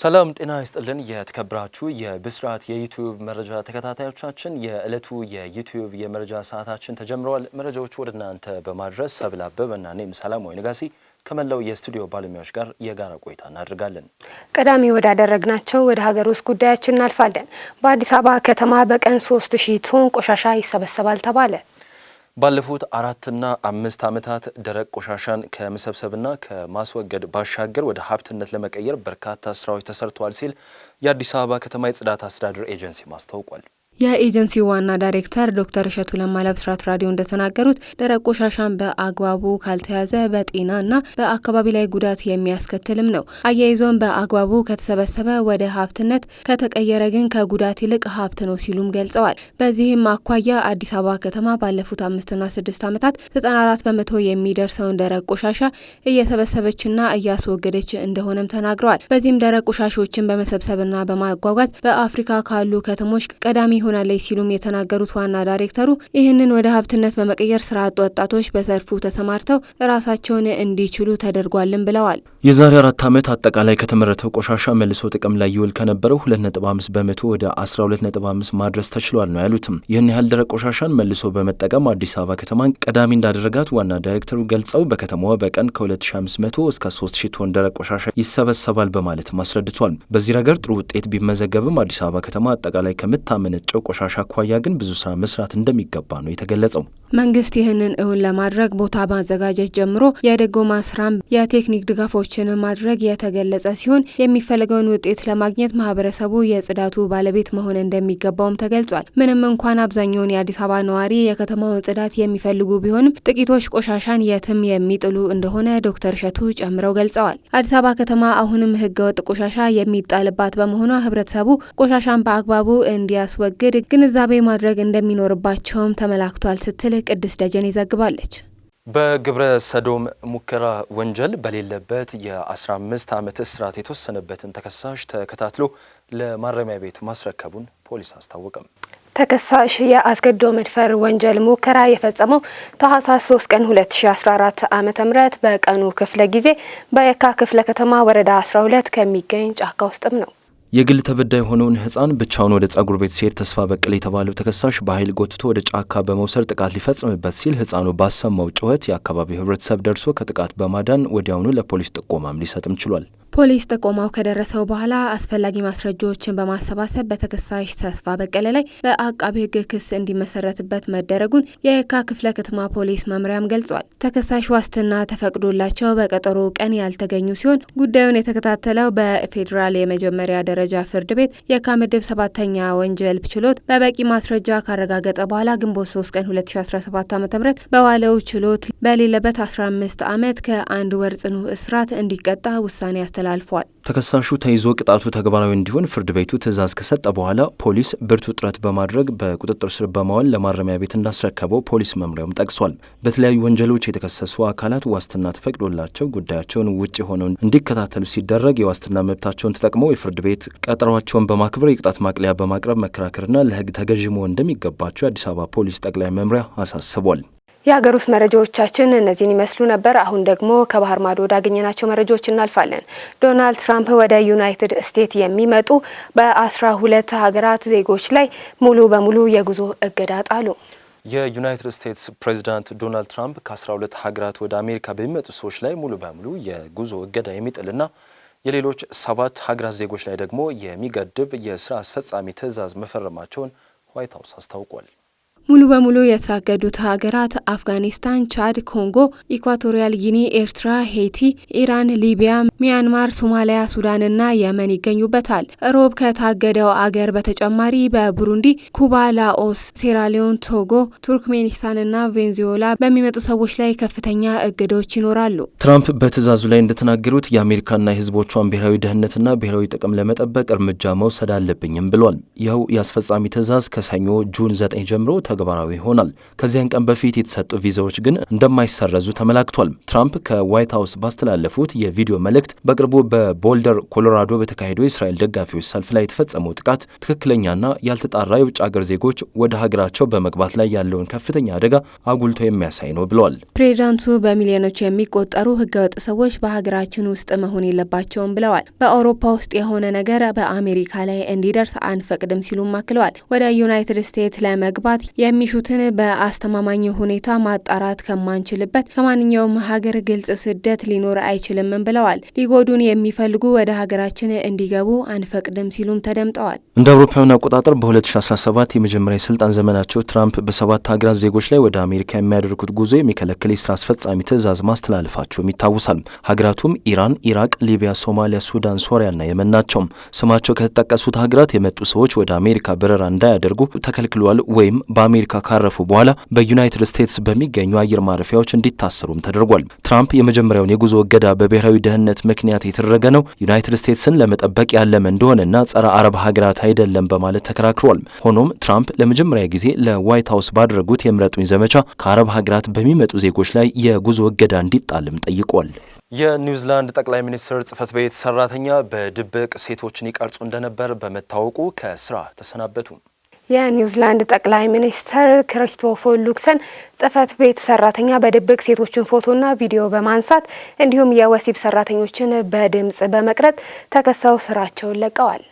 ሰላም ጤና ይስጥልን። የተከብራችሁ የብስራት የዩቲዩብ መረጃ ተከታታዮቻችን የዕለቱ የዩቲዩብ የመረጃ ሰዓታችን ተጀምረዋል። መረጃዎቹ ወደ እናንተ በማድረስ ሰብል አበበ እና እኔም ወይ ነጋሲ ከመላው የስቱዲዮ ባለሙያዎች ጋር የጋራ ቆይታ እናደርጋለን። ቀዳሚ ወዳደረግናቸው ወደ ሀገር ውስጥ ጉዳያችን እናልፋለን። በአዲስ አበባ ከተማ በቀን ሶስት ሺህ ቶን ቆሻሻ ይሰበሰባል ተባለ። ባለፉት አራትና አምስት ዓመታት ደረቅ ቆሻሻን ከመሰብሰብና ከማስወገድ ባሻገር ወደ ሀብትነት ለመቀየር በርካታ ስራዎች ተሰርተዋል ሲል የአዲስ አበባ ከተማ የጽዳት አስተዳደር ኤጀንሲ ማስታውቋል። የኤጀንሲው ዋና ዳይሬክተር ዶክተር እሸቱ ለማ ለብስራት ራዲዮ እንደተናገሩት ደረቅ ቆሻሻን በአግባቡ ካልተያዘ በጤናና በአካባቢ ላይ ጉዳት የሚያስከትልም ነው። አያይዞን በአግባቡ ከተሰበሰበ ወደ ሀብትነት ከተቀየረ ግን ከጉዳት ይልቅ ሀብት ነው ሲሉም ገልጸዋል። በዚህም አኳያ አዲስ አበባ ከተማ ባለፉት አምስትና ስድስት ዓመታት ዘጠና አራት በመቶ የሚደርሰውን ደረቅ ቆሻሻ እየሰበሰበችና እያስወገደች እንደሆነም ተናግረዋል። በዚህም ደረቅ ቆሻሾችን በመሰብሰብና በማጓጓዝ በአፍሪካ ካሉ ከተሞች ቀዳሚ ትሆናለች ሲሉም የተናገሩት ዋና ዳይሬክተሩ ይህንን ወደ ሀብትነት በመቀየር ስራ አጥ ወጣቶች በዘርፉ ተሰማርተው ራሳቸውን እንዲችሉ ተደርጓልን ብለዋል። የዛሬ አራት ዓመት አጠቃላይ ከተመረተው ቆሻሻ መልሶ ጥቅም ላይ ይውል ከነበረው 2.5 በመቶ ወደ 12.5 ማድረስ ተችሏል ነው ያሉትም። ይህን ያህል ደረቅ ቆሻሻን መልሶ በመጠቀም አዲስ አበባ ከተማን ቀዳሚ እንዳደረጋት ዋና ዳይሬክተሩ ገልጸው በከተማዋ በቀን ከ2500 እስከ 3000 ቶን ደረቅ ቆሻሻ ይሰበሰባል በማለትም አስረድቷል። በዚህ ረገድ ጥሩ ውጤት ቢመዘገብም አዲስ አበባ ከተማ አጠቃላይ ከምታመነ ከሚመነጨው ቆሻሻ አኳያ ግን ብዙ ስራ መስራት እንደሚገባ ነው የተገለጸው። መንግስት ይህንን እውን ለማድረግ ቦታ ማዘጋጀት ጀምሮ የድጎማ ስራም የቴክኒክ ድጋፎችን ማድረግ የተገለጸ ሲሆን የሚፈልገውን ውጤት ለማግኘት ማህበረሰቡ የጽዳቱ ባለቤት መሆን እንደሚገባውም ተገልጿል። ምንም እንኳን አብዛኛውን የአዲስ አበባ ነዋሪ የከተማውን ጽዳት የሚፈልጉ ቢሆንም ጥቂቶች ቆሻሻን የትም የሚጥሉ እንደሆነ ዶክተር እሸቱ ጨምረው ገልጸዋል። አዲስ አበባ ከተማ አሁንም ህገወጥ ቆሻሻ የሚጣልባት በመሆኗ ህብረተሰቡ ቆሻሻን በአግባቡ እንዲያስወግ እግድ ግንዛቤ ማድረግ እንደሚኖርባቸውም ተመላክቷል ስትል ቅድስት ደጀኔ ዘግባለች። በግብረ ሰዶም ሙከራ ወንጀል በሌለበት የ15 ዓመት እስራት የተወሰነበትን ተከሳሽ ተከታትሎ ለማረሚያ ቤት ማስረከቡን ፖሊስ አስታወቀም። ተከሳሽ የአስገድዶ መድፈር ወንጀል ሙከራ የፈጸመው ታህሳስ 3 ቀን 2014 ዓ ም በቀኑ ክፍለ ጊዜ በየካ ክፍለ ከተማ ወረዳ 12 ከሚገኝ ጫካ ውስጥም ነው። የግል ተበዳይ የሆነውን ህፃን ብቻውን ወደ ጸጉር ቤት ሲሄድ ተስፋ በቀለ የተባለው ተከሳሽ በኃይል ጎትቶ ወደ ጫካ በመውሰድ ጥቃት ሊፈጽምበት ሲል ህፃኑ ባሰማው ጩኸት የአካባቢው ህብረተሰብ ደርሶ ከጥቃት በማዳን ወዲያውኑ ለፖሊስ ጥቆማም ሊሰጥም ችሏል። ፖሊስ ጥቆማው ከደረሰው በኋላ አስፈላጊ ማስረጃዎችን በማሰባሰብ በተከሳሽ ተስፋ በቀለ ላይ በአቃቢ ሕግ ክስ እንዲመሰረትበት መደረጉን የየካ ክፍለ ከተማ ፖሊስ መምሪያም ገልጿል። ተከሳሽ ዋስትና ተፈቅዶላቸው በቀጠሮ ቀን ያልተገኙ ሲሆን ጉዳዩን የተከታተለው በፌዴራል የመጀመሪያ ደረጃ ፍርድ ቤት የካ ምድብ ሰባተኛ ወንጀል ችሎት በበቂ ማስረጃ ካረጋገጠ በኋላ ግንቦት 3 ቀን 2017 ዓ ም በዋለው ችሎት በሌለበት 15 ዓመት ከአንድ ወር ጽኑ እስራት እንዲቀጣ ውሳኔ ያስተ አስተላልፏል። ተከሳሹ ተይዞ ቅጣቱ ተግባራዊ እንዲሆን ፍርድ ቤቱ ትዕዛዝ ከሰጠ በኋላ ፖሊስ ብርቱ ጥረት በማድረግ በቁጥጥር ስር በማዋል ለማረሚያ ቤት እንዳስረከበው ፖሊስ መምሪያውም ጠቅሷል። በተለያዩ ወንጀሎች የተከሰሱ አካላት ዋስትና ተፈቅዶላቸው ጉዳያቸውን ውጭ ሆነው እንዲከታተሉ ሲደረግ የዋስትና መብታቸውን ተጠቅመው የፍርድ ቤት ቀጠሯቸውን በማክበር የቅጣት ማቅለያ በማቅረብ መከራከርና ለሕግ ተገዥ መሆን እንደሚገባቸው የአዲስ አበባ ፖሊስ ጠቅላይ መምሪያ አሳስቧል። የሀገር ውስጥ መረጃዎቻችን እነዚህን ይመስሉ ነበር። አሁን ደግሞ ከባህር ማዶ ወዳገኘናቸው መረጃዎች እናልፋለን። ዶናልድ ትራምፕ ወደ ዩናይትድ ስቴትስ የሚመጡ በአስራ ሁለት ሀገራት ዜጎች ላይ ሙሉ በሙሉ የጉዞ እገዳ ጣሉ። የዩናይትድ ስቴትስ ፕሬዚዳንት ዶናልድ ትራምፕ ከ12 ሀገራት ወደ አሜሪካ በሚመጡ ሰዎች ላይ ሙሉ በሙሉ የጉዞ እገዳ የሚጥልና የሌሎች ሰባት ሀገራት ዜጎች ላይ ደግሞ የሚገድብ የስራ አስፈጻሚ ትዕዛዝ መፈረማቸውን ዋይት ሀውስ አስታውቋል። ሙሉ በሙሉ የታገዱት ሀገራት አፍጋኒስታን፣ ቻድ፣ ኮንጎ፣ ኢኳቶሪያል ጊኒ፣ ኤርትራ፣ ሄይቲ፣ ኢራን፣ ሊቢያ፣ ሚያንማር፣ ሶማሊያ፣ ሱዳንና የመን ይገኙበታል። ሮብ ከታገደው አገር በተጨማሪ በቡሩንዲ፣ ኩባ፣ ላኦስ፣ ሴራሊዮን፣ ቶጎ፣ ቱርክሜኒስታንና ቬንዙዌላ በሚመጡ ሰዎች ላይ ከፍተኛ እገዶች ይኖራሉ። ትራምፕ በትዕዛዙ ላይ እንደተናገሩት የአሜሪካና የህዝቦቿን ብሔራዊ ደህንነትና ብሔራዊ ጥቅም ለመጠበቅ እርምጃ መውሰድ አለብኝም ብሏል። ይኸው የአስፈጻሚ ትዕዛዝ ከሰኞ ጁን 9 ጀምሮ ተግባራዊ ይሆናል። ከዚያን ቀን በፊት የተሰጡ ቪዛዎች ግን እንደማይሰረዙ ተመላክቷል። ትራምፕ ከዋይት ሀውስ ባስተላለፉት የቪዲዮ መልእክት በቅርቡ በቦልደር ኮሎራዶ በተካሄደው የእስራኤል ደጋፊዎች ሰልፍ ላይ የተፈጸመው ጥቃት ትክክለኛና ያልተጣራ የውጭ ሀገር ዜጎች ወደ ሀገራቸው በመግባት ላይ ያለውን ከፍተኛ አደጋ አጉልቶ የሚያሳይ ነው ብለዋል። ፕሬዚዳንቱ በሚሊዮኖች የሚቆጠሩ ህገወጥ ሰዎች በሀገራችን ውስጥ መሆን የለባቸውም ብለዋል። በአውሮፓ ውስጥ የሆነ ነገር በአሜሪካ ላይ እንዲደርስ አንፈቅድም ሲሉም አክለዋል። ወደ ዩናይትድ ስቴትስ ለመግባት የሚሹትን በአስተማማኝ ሁኔታ ማጣራት ከማንችልበት ከማንኛውም ሀገር ግልጽ ስደት ሊኖር አይችልም ብለዋል። ሊጎዱን የሚፈልጉ ወደ ሀገራችን እንዲገቡ አንፈቅድም ሲሉም ተደምጠዋል። እንደ አውሮፓውያን አቆጣጠር በ2017 የመጀመሪያ የስልጣን ዘመናቸው ትራምፕ በሰባት ሀገራት ዜጎች ላይ ወደ አሜሪካ የሚያደርጉት ጉዞ የሚከለክል የስራ አስፈጻሚ ትዕዛዝ ማስተላለፋቸውም ይታወሳል። ሀገራቱም ኢራን፣ ኢራቅ፣ ሊቢያ፣ ሶማሊያ፣ ሱዳን፣ ሶሪያና የመን ናቸው። ስማቸው ከተጠቀሱት ሀገራት የመጡ ሰዎች ወደ አሜሪካ በረራ እንዳያደርጉ ተከልክሏል ወይም በ አሜሪካ ካረፉ በኋላ በዩናይትድ ስቴትስ በሚገኙ አየር ማረፊያዎች እንዲታሰሩም ተደርጓል። ትራምፕ የመጀመሪያውን የጉዞ እገዳ በብሔራዊ ደህንነት ምክንያት የተደረገ ነው፣ ዩናይትድ ስቴትስን ለመጠበቅ ያለመ እንደሆነና ጸረ አረብ ሀገራት አይደለም በማለት ተከራክሯል። ሆኖም ትራምፕ ለመጀመሪያ ጊዜ ለዋይት ሀውስ ባደረጉት የምረጡኝ ዘመቻ ከአረብ ሀገራት በሚመጡ ዜጎች ላይ የጉዞ እገዳ እንዲጣልም ጠይቋል። የኒውዚላንድ ጠቅላይ ሚኒስትር ጽህፈት ቤት ሰራተኛ በድብቅ ሴቶችን ይቀርጹ እንደነበር በመታወቁ ከስራ ተሰናበቱ። የኒውዚላንድ ጠቅላይ ሚኒስትር ክሪስቶፈር ሉክሰን ጽህፈት ቤት ሰራተኛ በድብቅ ሴቶችን ፎቶና ቪዲዮ በማንሳት እንዲሁም የወሲብ ሰራተኞችን በድምጽ በመቅረጽ ተከሰው ስራቸውን ለቀዋል።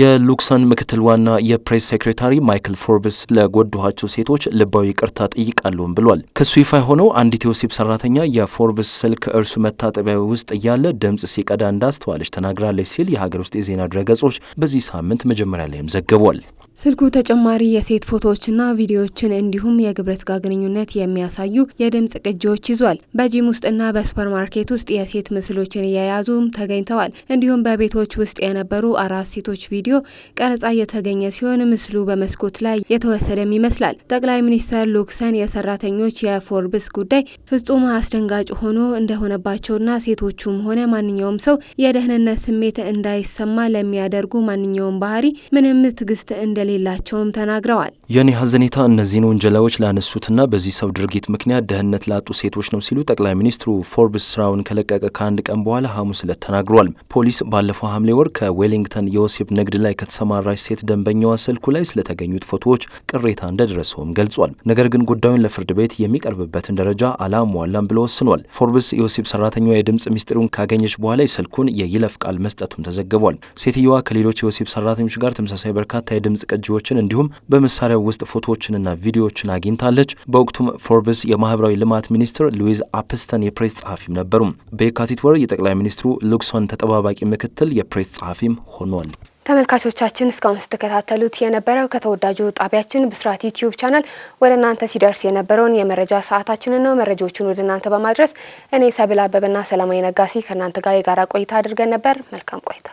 የሉክሰን ምክትል ዋና የፕሬስ ሴክሬታሪ ማይክል ፎርብስ ለጎዳኋቸው ሴቶች ልባዊ ቅርታ ጠይቃለሁም ብሏል። ክሱ ይፋ የሆነው አንዲት የወሲብ ሰራተኛ የፎርብስ ስልክ እርሱ መታጠቢያ ውስጥ እያለ ድምፅ ሲቀዳ እንዳስተዋለች ተናግራለች ሲል የሀገር ውስጥ የዜና ድረገጾች በዚህ ሳምንት መጀመሪያ ላይም ዘግቧል። ስልኩ ተጨማሪ የሴት ፎቶዎችና ቪዲዮዎችን እንዲሁም የግብረ ሥጋ ግንኙነት የሚያሳዩ የድምጽ ቅጂዎች ይዟል። በጂም ውስጥና በሱፐርማርኬት ውስጥ የሴት ምስሎችን እየያዙም ተገኝተዋል። እንዲሁም በቤቶች ውስጥ የነበሩ አራት ሴቶች ቪዲዮ ቀረጻ የተገኘ ሲሆን ምስሉ በመስኮት ላይ የተወሰደም ይመስላል። ጠቅላይ ሚኒስትር ሉክሰን የሰራተኞች የፎርብስ ጉዳይ ፍጹም አስደንጋጭ ሆኖ እንደሆነባቸውና ሴቶቹም ሆነ ማንኛውም ሰው የደህንነት ስሜት እንዳይሰማ ለሚያደርጉ ማንኛውም ባህሪ ምንም ትግስት ። እንደ እንደሌላቸውም ተናግረዋል። የኔ ሀዘኔታ እነዚህን ወንጀላዎች ላነሱትና በዚህ ሰው ድርጊት ምክንያት ደህንነት ላጡ ሴቶች ነው ሲሉ ጠቅላይ ሚኒስትሩ ፎርብስ ስራውን ከለቀቀ ከአንድ ቀን በኋላ ሐሙስ ዕለት ተናግሯል። ፖሊስ ባለፈው ሐምሌ ወር ከዌሊንግተን የወሲብ ንግድ ላይ ከተሰማራች ሴት ደንበኛዋ ስልኩ ላይ ስለተገኙት ፎቶዎች ቅሬታ እንደደረሰውም ገልጿል። ነገር ግን ጉዳዩን ለፍርድ ቤት የሚቀርብበትን ደረጃ አላሟላም ብሎ ወስኗል። ፎርብስ የወሲብ ሰራተኛዋ የድምፅ ሚስጢሩን ካገኘች በኋላ የስልኩን የይለፍ ቃል መስጠቱም ተዘግቧል። ሴትየዋ ከሌሎች የወሲብ ሰራተኞች ጋር ተመሳሳይ በርካታ የድምፅ ቅጂዎችን እንዲሁም በመሳሪያ ውስጥ ፎቶዎችንና ቪዲዮዎችን አግኝታለች። በወቅቱም ፎርብስ የማህበራዊ ልማት ሚኒስትር ሉዊዝ አፕስተን የፕሬስ ጸሐፊም ነበሩ። በየካቲት ወር የጠቅላይ ሚኒስትሩ ሉክሶን ተጠባባቂ ምክትል የፕሬስ ጸሐፊም ሆኗል። ተመልካቾቻችን እስካሁን ስትከታተሉት የነበረው ከተወዳጁ ጣቢያችን ብስራት ዩቲዩብ ቻናል ወደ እናንተ ሲደርስ የነበረውን የመረጃ ሰዓታችንን ነው። መረጃዎቹን ወደ እናንተ በማድረስ እኔ ሰብል አበበና ሰላማዊ ነጋሲ ከእናንተ ጋር የጋራ ቆይታ አድርገን ነበር። መልካም ቆይታ